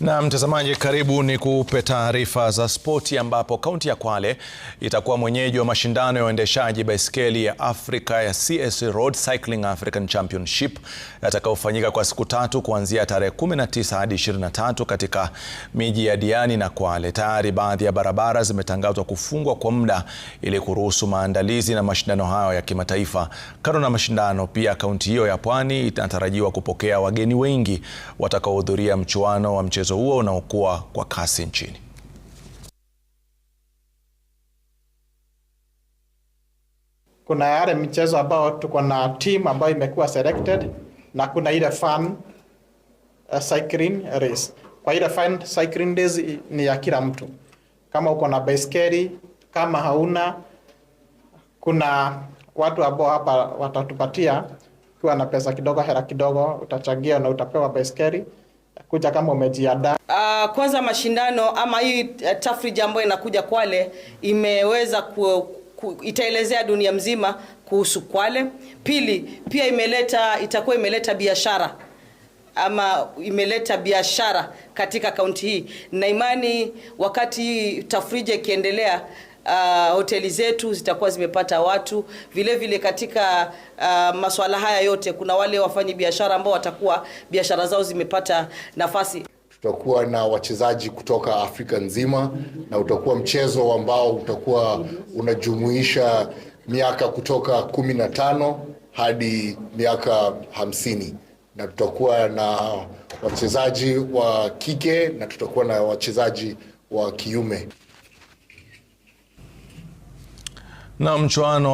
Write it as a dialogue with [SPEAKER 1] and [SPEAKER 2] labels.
[SPEAKER 1] Na mtazamaji, karibu ni kupe taarifa za spoti, ambapo kaunti ya Kwale itakuwa mwenyeji wa mashindano ya uendeshaji baiskeli ya Afrika ya CS Road Cycling African Championship yatakayofanyika kwa siku tatu kuanzia tarehe 19 hadi 23 katika miji ya Diani na Kwale. Tayari baadhi ya barabara zimetangazwa kufungwa kwa muda ili kuruhusu maandalizi na mashindano hayo ya kimataifa. Kando na mashindano, pia kaunti hiyo ya Pwani inatarajiwa kupokea wageni wengi watakaohudhuria mchuano wa mchezo mchezo huo unaokuwa kwa kasi nchini.
[SPEAKER 2] Kuna yale michezo ambayo tuko na timu ambayo imekuwa selected na kuna ile fan uh, cycling race. Kwa ile fan cycling race ni ya kila mtu, kama uko na baiskeli, kama hauna, kuna watu ambao hapa watatupatia, ukiwa na pesa kidogo, hela kidogo, utachangia na utapewa baiskeli kuja kama umejiandaa?
[SPEAKER 3] Uh, kwanza mashindano ama hii eh, tafrija ambayo inakuja Kwale imeweza ku, ku, itaelezea dunia mzima kuhusu Kwale. Pili, pia imeleta itakuwa imeleta biashara ama imeleta biashara katika kaunti hii, na imani wakati tafrija ikiendelea uh, hoteli zetu zitakuwa zimepata watu vilevile. Vile katika uh, masuala haya yote kuna wale wafanyi biashara ambao watakuwa biashara zao zimepata nafasi.
[SPEAKER 4] Tutakuwa na wachezaji kutoka Afrika nzima na utakuwa mchezo ambao utakuwa unajumuisha miaka kutoka kumi na tano hadi miaka hamsini na tutakuwa na wachezaji wa kike na tutakuwa na wachezaji wa kiume. na mchuano